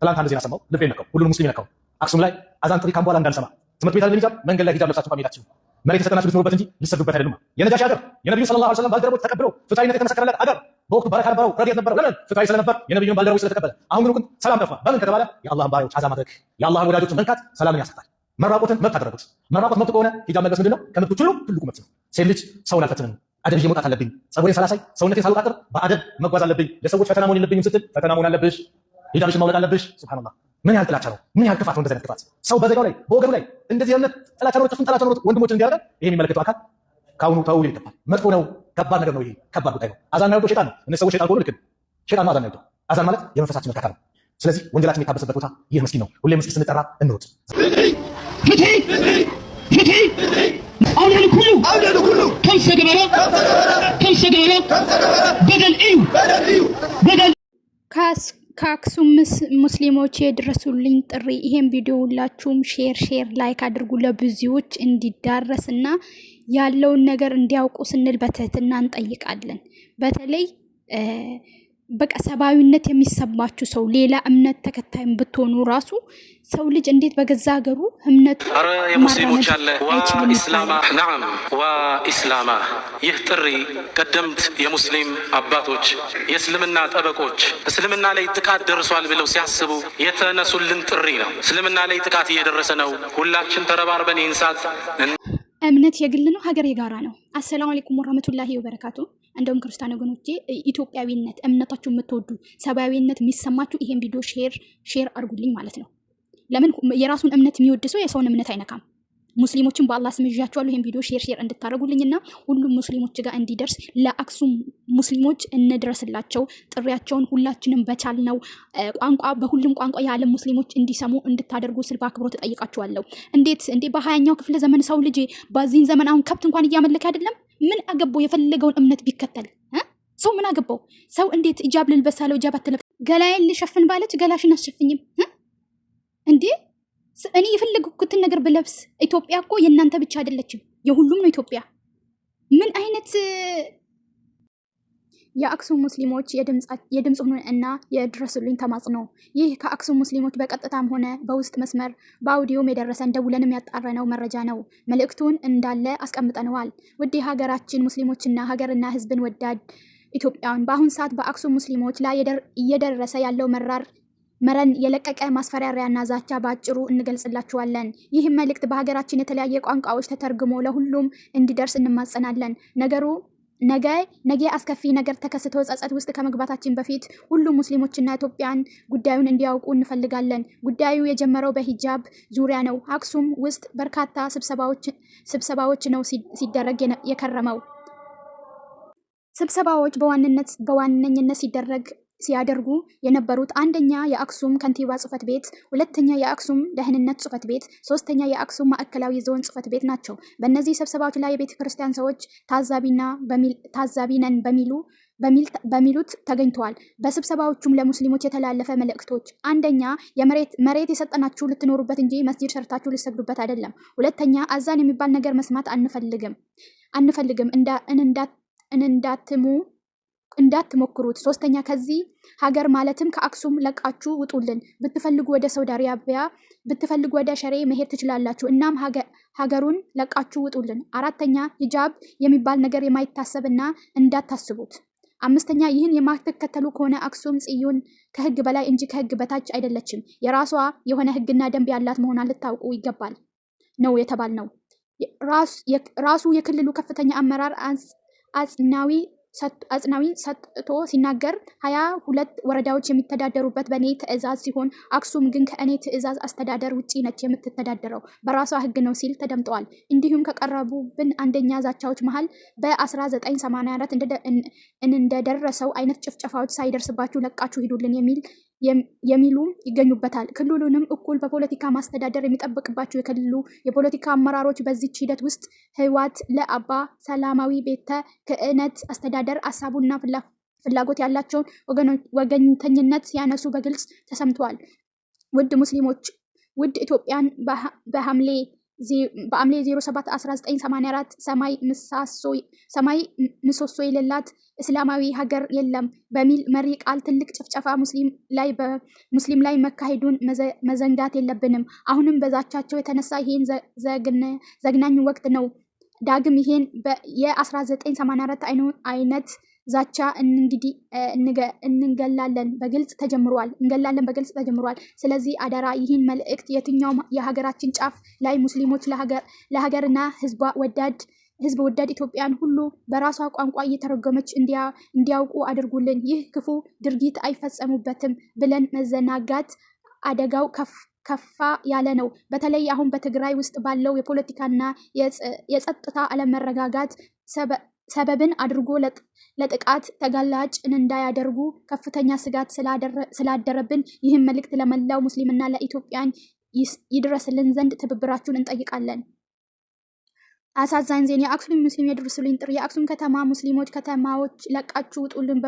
ትላንት አንድ ዜና ሰማሁ፣ ልቤ ነካው፣ ሁሉንም ሙስሊም ነካው። አክሱም ላይ አዛን ጥሪ ካም በኋላ እንዳልሰማ ትምህርት ቤት አለ ሂጃብ መንገድ ላይ ሂጃብ ለብሳችሁ ሜዳችሁ መሬት የሰጠናችሁ ልትኖሩበት እንጂ ልትሰዱበት አይደለም። የነጃሺ ሀገር የነቢዩ ሰለላሁ ዐለይሂ ወሰለም ባልደረቦች ተቀብለው ፍትሐዊነት የተመሰከረለት አገር በወቅቱ ባረካ ነበረው፣ ረድኤት ነበረው። ለምን ፍትሐዊ ስለነበር የነቢዩን ባልደረቦች ስለተቀበለ። አሁን ግን ሰላም ጠፋ። በምን ከተባለ የአላህን ባሪያዎች አዛ ማድረግ የአላህን ወዳጆችን መንካት ሰላምን ያሳጣል። መራቆትን መብት አደረጉት። መራቆት መብት ከሆነ ሂጃብ መልበስ ምንድን ነው? ከመብቶች ሁሉ ትልቁ መብት ነው። ሴት ልጅ ሰውን አልፈትንም አደብ ይዤ መውጣት አለብኝ። ጸጉሬን ሳላሳይ ሰውነቴን ሳልወጣጥር በአደብ መጓዝ አለብኝ። ለሰዎች ፈተና መሆን የለብኝም ስትል ፈተና መሆን አለብሽ። ሂጃብሽን ማውለቅ አለብሽ። ሱብሃንአላህ ምን ያህል ጥላቻ ነው! ምን ያህል ክፋት ነው! እንደዚህ ክፋት ሰው በዘጋው ላይ በወገኑ ላይ እንደዚህ አይነት ጥላቻ ነው። ጥፉን ጥላቻ ነው ወንድሞችን እንዲያደርግ ይሄ የሚመለከተው አካል ካሁኑ ተው ይልከፋል። መጥፎ ነው። ከባድ ነገር ነው። ይሄ ከባድ ጉዳይ ነው። አዛን ነው ሸይጣን ነው። እነዚህ ሰዎች ሸይጣን ነው። ልክ ሸይጣን ነው አዛን ነው። አዛን ማለት የመንፈሳችን መርካታ ነው። ስለዚህ ወንጀላችን የሚታበስበት ቦታ ይህ መስጊድ ነው። ሁሌ መስጊድ ስንጠራ እንሩጥ። ፍትህ ፍትህ ከምሰ ገበራ ከምሰ ገበራ በደል እዩ በደል ከአክሱም ሙስሊሞች የድረሱልኝ ጥሪ። ይሄን ቪዲዮ ሁላችሁም ሼር ሼር ላይክ አድርጉ ለብዙዎች እንዲዳረስ እና ያለውን ነገር እንዲያውቁ ስንል በትህትና እንጠይቃለን። በተለይ በቃ ሰብአዊነት የሚሰማችሁ ሰው ሌላ እምነት ተከታይም ብትሆኑ ራሱ ሰው ልጅ እንዴት በገዛ ሀገሩ እምነቱ የሙስሊሞች አለ ዋኢስላማ ናም ዋኢስላማ። ይህ ጥሪ ቀደምት የሙስሊም አባቶች የእስልምና ጠበቆች እስልምና ላይ ጥቃት ደርሷል ብለው ሲያስቡ የተነሱልን ጥሪ ነው። እስልምና ላይ ጥቃት እየደረሰ ነው፣ ሁላችን ተረባርበን ይንሳት። እምነት የግል ነው፣ ሀገር የጋራ ነው። አሰላሙ አለይኩም ወራህመቱላሂ ወበረካቱ እንደውም ክርስቲያን ወገኖቼ ኢትዮጵያዊነት እምነታችሁ የምትወዱ ሰብአዊነት የሚሰማችሁ ይሄን ቪዲዮ ሼር ሼር አድርጉልኝ ማለት ነው። ለምን የራሱን እምነት የሚወድ ሰው የሰውን እምነት አይነካም። ሙስሊሞችን በአላህ ስም ይዣችኋለሁ። ይህን ቪዲዮ ሼር ሼር እንድታደርጉልኝና ሁሉም ሙስሊሞች ጋር እንዲደርስ ለአክሱም ሙስሊሞች እንድረስላቸው ጥሪያቸውን ሁላችንም በቻልነው ቋንቋ በሁሉም ቋንቋ የዓለም ሙስሊሞች እንዲሰሙ እንድታደርጉ ስል በአክብሮ ተጠይቃችኋለሁ። እንዴት እንዴ በሀያኛው ክፍለ ዘመን ሰው ልጅ በዚህን ዘመን አሁን ከብት እንኳን እያመለከ አይደለም ምን አገባው? የፈለገውን እምነት ቢከተል ሰው ምን አገባው? ሰው እንዴት እጃብ ልልበሳለው? እጃብ አትለብ ገላዬን ልሸፍን ባለች ገላሽን አሸፍኝም እንዴ? እኔ የፈለግኩትን ነገር ብለብስ ኢትዮጵያ እኮ የእናንተ ብቻ አይደለችም፣ የሁሉም ነው ኢትዮጵያ። ምን አይነት የአክሱም ሙስሊሞች የድምፁን እና የድረሱልኝ ተማጽኖ። ይህ ከአክሱም ሙስሊሞች በቀጥታም ሆነ በውስጥ መስመር በአውዲዮም የደረሰን ደውለንም ያጣረነው መረጃ ነው። መልእክቱን እንዳለ አስቀምጠነዋል። ውድ የሀገራችን ሙስሊሞችና ሀገርና ህዝብን ወዳድ ኢትዮጵያውን በአሁን ሰዓት በአክሱም ሙስሊሞች ላይ እየደረሰ ያለው መራር መረን የለቀቀ ማስፈራሪያና ዛቻ በአጭሩ እንገልጽላችኋለን። ይህም መልእክት በሀገራችን የተለያየ ቋንቋዎች ተተርግሞ ለሁሉም እንዲደርስ እንማጸናለን ነገሩ ነገ ነገ አስከፊ ነገር ተከስቶ ጸጸት ውስጥ ከመግባታችን በፊት ሁሉም ሙስሊሞችና ኢትዮጵያን ጉዳዩን እንዲያውቁ እንፈልጋለን። ጉዳዩ የጀመረው በሂጃብ ዙሪያ ነው። አክሱም ውስጥ በርካታ ስብሰባዎች ነው ሲደረግ የከረመው። ስብሰባዎች በዋነኝነት ሲደረግ ሲያደርጉ የነበሩት አንደኛ የአክሱም ከንቲባ ጽህፈት ቤት፣ ሁለተኛ የአክሱም ደህንነት ጽህፈት ቤት፣ ሶስተኛ የአክሱም ማዕከላዊ ዞን ጽህፈት ቤት ናቸው። በእነዚህ ስብሰባዎች ላይ የቤተ ክርስቲያን ሰዎች ታዛቢ ነን በሚሉ በሚሉት ተገኝተዋል። በስብሰባዎቹም ለሙስሊሞች የተላለፈ መልእክቶች፣ አንደኛ መሬት የሰጠናችሁ ልትኖሩበት እንጂ መስጂድ ሰርታችሁ ልትሰግዱበት አይደለም። ሁለተኛ አዛን የሚባል ነገር መስማት አንፈልግም አንፈልግም እንዳትሙ እንዳትሞክሩት። ሶስተኛ ከዚህ ሀገር ማለትም ከአክሱም ለቃችሁ ውጡልን። ብትፈልጉ ወደ ሳውዲ አረቢያ፣ ብትፈልጉ ወደ ሸሬ መሄድ ትችላላችሁ። እናም ሀገሩን ለቃችሁ ውጡልን። አራተኛ ሂጃብ የሚባል ነገር የማይታሰብና እንዳታስቡት። አምስተኛ ይህን የማትከተሉ ከሆነ አክሱም ጽዮን ከህግ በላይ እንጂ ከህግ በታች አይደለችም። የራሷ የሆነ ህግና ደንብ ያላት መሆኗን ልታውቁ ይገባል ነው የተባል ነው። ራሱ የክልሉ ከፍተኛ አመራር አጽናዊ አጽናዊ ሰጥቶ ሲናገር ሀያ ሁለት ወረዳዎች የሚተዳደሩበት በእኔ ትዕዛዝ ሲሆን አክሱም ግን ከእኔ ትዕዛዝ አስተዳደር ውጭ ነች የምትተዳደረው በራሷ ህግ ነው ሲል ተደምጠዋል። እንዲሁም ከቀረቡብን አንደኛ ዛቻዎች መሀል በ1984 እንደደረሰው አይነት ጭፍጨፋዎች ሳይደርስባችሁ ለቃችሁ ሂዱልን የሚል የሚሉ ይገኙበታል። ክልሉንም እኩል በፖለቲካ ማስተዳደር የሚጠበቅባቸው የክልሉ የፖለቲካ አመራሮች በዚች ሂደት ውስጥ ህወሓት ለአባ ሰላማዊ ቤተ ክህነት አስተዳደር አሳቡና ፍላጎት ያላቸውን ወገኝተኝነት ሲያነሱ በግልጽ ተሰምተዋል። ውድ ሙስሊሞች ውድ ኢትዮጵያን በሐምሌ በአምሌ 07 1984 ሰማይ ሰማይ ምሰሶ የሌላት እስላማዊ ሀገር የለም በሚል መሪ ቃል ትልቅ ጭፍጨፋ ሙስሊም ላይ መካሄዱን መዘንጋት የለብንም። አሁንም በዛቻቸው የተነሳ ይሄን ዘግናኝ ወቅት ነው። ዳግም ይሄን የ1984 አይነት ዛቻ እንግዲህ እንገላለን በግልጽ ተጀምሯል። እንገላለን በግልጽ ተጀምሯል። ስለዚህ አደራ ይህን መልእክት የትኛውም የሀገራችን ጫፍ ላይ ሙስሊሞች ለሀገርና ህዝቧ ወዳድ ህዝብ ወዳድ ኢትዮጵያን ሁሉ በራሷ ቋንቋ እየተረጎመች እንዲያውቁ አድርጉልን። ይህ ክፉ ድርጊት አይፈጸሙበትም ብለን መዘናጋት አደጋው ከፋ ያለ ነው። በተለይ አሁን በትግራይ ውስጥ ባለው የፖለቲካና የጸጥታ አለመረጋጋት ሰበብን አድርጎ ለጥቃት ተጋላጭ እንዳያደርጉ ከፍተኛ ስጋት ስላደረብን ይህን መልእክት ለመላው ሙስሊምና ለኢትዮጵያን ይድረስልን ዘንድ ትብብራችሁን እንጠይቃለን። አሳዛኝ ዜና የአክሱም ሙስሊም የድረሱልኝ ጥሪ። የአክሱም ከተማ ሙስሊሞች ከተማዎች ለቃችሁ ውጡልን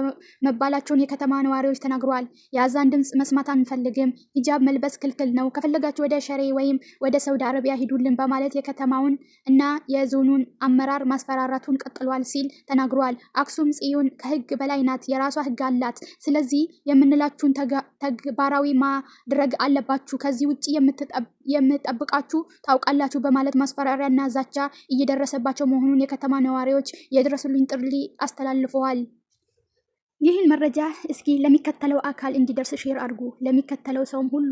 መባላቸውን የከተማ ነዋሪዎች ተናግረዋል። የአዛን ድምፅ መስማት አንፈልግም፣ ሂጃብ መልበስ ክልክል ነው፣ ከፈለጋችሁ ወደ ሸሬ ወይም ወደ ሳውዲ አረቢያ ሂዱልን በማለት የከተማውን እና የዞኑን አመራር ማስፈራራቱን ቀጥሏል ሲል ተናግረዋል። አክሱም ጽዮን ከህግ በላይ ናት፣ የራሷ ህግ አላት። ስለዚህ የምንላችሁን ተግባራዊ ማድረግ አለባችሁ። ከዚህ ውጭ የምጠብቃችሁ ታውቃላችሁ በማለት ማስፈራሪያ እና ዛቻ እየደረሰባቸው መሆኑን የከተማ ነዋሪዎች የደረሱልኝ ጥሪ አስተላልፈዋል። ይህን መረጃ እስኪ ለሚከተለው አካል እንዲደርስ ሼር አድርጉ። ለሚከተለው ሰውም ሁሉ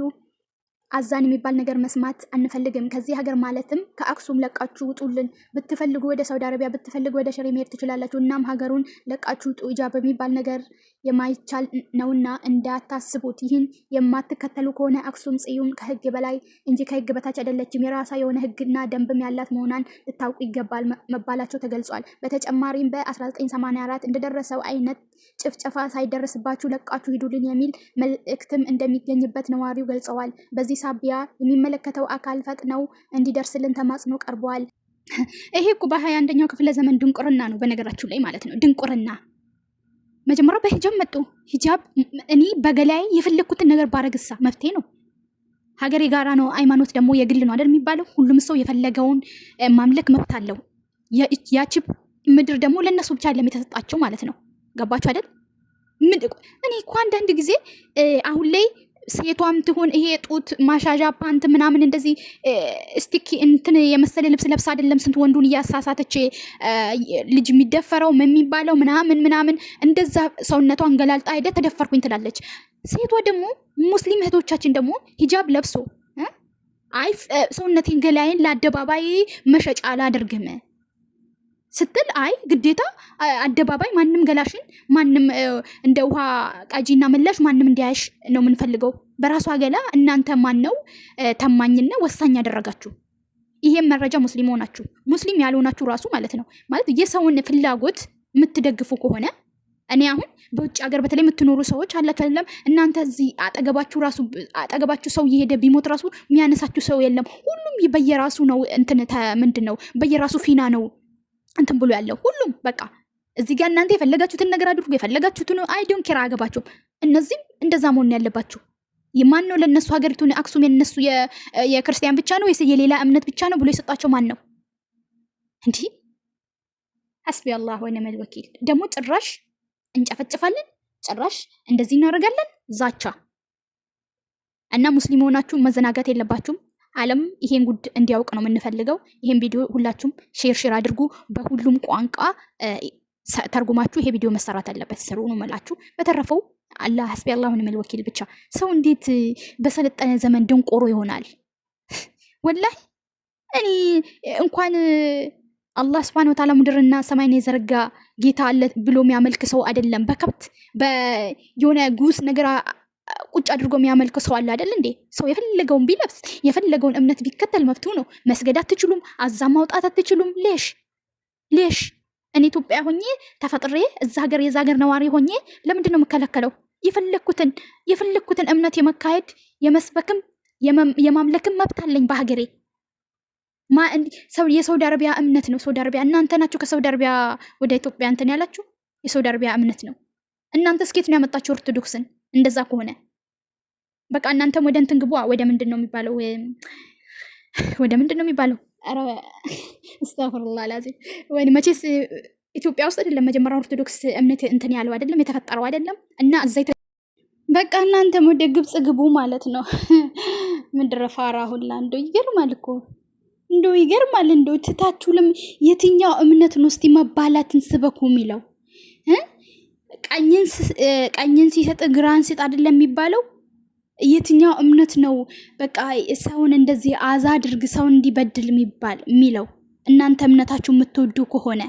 አዛን የሚባል ነገር መስማት አንፈልግም። ከዚህ ሀገር ማለትም ከአክሱም ለቃችሁ ውጡልን። ብትፈልጉ ወደ ሳውዲ አረቢያ፣ ብትፈልጉ ወደ ሽሬ መሄድ ትችላላችሁ። እናም ሀገሩን ለቃችሁ ውጡ። እጃ በሚባል ነገር የማይቻል ነውና እንዳታስቡት። ይህን የማትከተሉ ከሆነ አክሱም ጽዩም ከህግ በላይ እንጂ ከህግ በታች አይደለችም። የራሳ የሆነ ህግና ደንብም ያላት መሆኗን ልታውቁ ይገባል መባላቸው ተገልጿል። በተጨማሪም በ1984 እንደደረሰው አይነት ጭፍጨፋ ሳይደርስባችሁ ለቃችሁ ሂዱልን የሚል መልእክትም እንደሚገኝበት ነዋሪው ገልጸዋል። በዚህ ሳቢያ የሚመለከተው አካል ፈጥነው እንዲደርስልን ተማጽኖ ቀርበዋል። ይሄ እኮ በሀያ አንደኛው ክፍለ ዘመን ድንቁርና ነው፣ በነገራችሁ ላይ ማለት ነው። ድንቁርና መጀመሪያ በሂጃብ መጡ። ሂጃብ እኔ በገላይ የፈለግኩትን ነገር ባረግሳ መፍትሄ ነው። ሀገር የጋራ ነው፣ ሃይማኖት ደግሞ የግል ነው አይደል የሚባለው። ሁሉም ሰው የፈለገውን ማምለክ መብት አለው። ያቺ ምድር ደግሞ ለእነሱ ብቻ ለሚተሰጣቸው ማለት ነው። ገባችሁ አይደል? ምን እኔ እኮ አንዳንድ ጊዜ አሁን ላይ ሴቷም ትሁን ይሄ ጡት ማሻዣ ፓንት ምናምን እንደዚህ ስቲክ እንትን የመሰለ ልብስ ለብስ አይደለም ስንት ወንዱን እያሳሳተች ልጅ የሚደፈረው የሚባለው ምናምን ምናምን እንደዛ ሰውነቷን ገላልጣ ሄደ ተደፈርኩኝ ትላለች። ሴቷ ደግሞ ሙስሊም እህቶቻችን ደግሞ ሂጃብ ለብሶ አይ ሰውነቴን ገላይን ለአደባባይ መሸጫ አላደርግም ስትል አይ ግዴታ አደባባይ ማንም ገላሽን ማንም እንደ ውሃ ቃጂና መላሽ ማንም እንዲያሽ ነው የምንፈልገው። በራሷ ገላ እናንተ ማን ነው ተማኝና ወሳኝ ያደረጋችሁ? ይሄም መረጃ ሙስሊም ሆናችሁ ሙስሊም ያልሆናችሁ ራሱ ማለት ነው ማለት የሰውን ፍላጎት የምትደግፉ ከሆነ እኔ አሁን በውጭ ሀገር በተለይ የምትኖሩ ሰዎች አላችሁ አይደለም? እናንተ እዚህ አጠገባችሁ ራሱ አጠገባችሁ ሰው እየሄደ ቢሞት ራሱ የሚያነሳችሁ ሰው የለም። ሁሉም በየራሱ ነው እንትን ምንድን ነው በየራሱ ፊና ነው እንትን ብሎ ያለው ሁሉም በቃ እዚህ ጋር እናንተ የፈለጋችሁትን ነገር አድርጉ፣ የፈለጋችሁትን አይዲዮን ኬር አያገባችሁም። እነዚህም እንደዛ መሆን ያለባችሁ ማን ነው ለእነሱ ሀገሪቱን አክሱም የነሱ የክርስቲያን ብቻ ነው ወይስ የሌላ እምነት ብቻ ነው ብሎ የሰጣቸው ማን ነው? እንዲህ ሐስቢ አላህ ወኒዕመል ወኪል ደግሞ ጭራሽ እንጨፈጭፋለን፣ ጭራሽ እንደዚህ እናደርጋለን ዛቻ እና ሙስሊም መሆናችሁ መዘናጋት የለባችሁም። ዓለም ይሄን ጉድ እንዲያውቅ ነው የምንፈልገው። ይሄን ቪዲዮ ሁላችሁም ሼር ሼር አድርጉ። በሁሉም ቋንቋ ተርጉማችሁ ይሄ ቪዲዮ መሰራት አለበት። ስሩ ነው የምላችሁ። በተረፈው አላህ ሐስቢ አላሁ ወኒዕመል ወኪል ብቻ። ሰው እንዴት በሰለጠነ ዘመን ደንቆሮ ይሆናል? ወላሂ እኔ እንኳን አላህ ስብሐነ ወተዓላ ምድርና ሰማይን የዘረጋ ጌታ አለ ብሎ የሚያመልክ ሰው አይደለም። በከብት የሆነ ጉስ ነገር ቁጭ አድርጎ የሚያመልከው ሰው አለ አይደል እንዴ? ሰው የፈለገውን ቢለብስ የፈለገውን እምነት ቢከተል መብቱ ነው። መስገድ አትችሉም፣ አዛ ማውጣት አትችሉም። ሌሽ ሌሽ እኔ ኢትዮጵያ ሆኜ ተፈጥሬ እዛ ሀገር የዛ ሀገር ነዋሪ ሆኜ ለምንድን ነው የምከለከለው? የፈለግኩትን የፈለግኩትን እምነት የመካሄድ የመስበክም የማምለክም መብት አለኝ በሀገሬ የሳውዲ አረቢያ እምነት ነው። ሳውዲ አረቢያ እናንተ ናችሁ ከሳውዲ አረቢያ ወደ ኢትዮጵያ እንትን ያላችሁ የሳውዲ አረቢያ እምነት ነው። እናንተ እስኬት ነው ያመጣችሁ ኦርቶዶክስን እንደዛ ከሆነ በቃ እናንተም ወደ እንትን ግቡ። ወደ ምንድን ነው የሚባለው? ወደ ምንድን ነው የሚባለው? ኧረ ላዚ ወይ መቼስ ኢትዮጵያ ውስጥ አይደለም መጀመሪያ ኦርቶዶክስ እምነት እንትን ያለው አይደለም የተፈጠረው አይደለም። እና እዛ በቃ እናንተም ወደ ግብፅ ግቡ ማለት ነው። ምድረ ፋራ ሁላ እንደው ይገርማል እኮ እንደው ይገርማል። እንደው ትታችሁልም የትኛው እምነት ነው እስቲ መባላትን ስበኩ የሚለው? ቀኝን ሲሰጥ ግራን ሲጥ አይደለም የሚባለው የትኛው እምነት ነው በቃ ሰውን እንደዚህ አዛ አድርግ ሰውን እንዲበድል የሚባል የሚለው? እናንተ እምነታችሁ የምትወዱ ከሆነ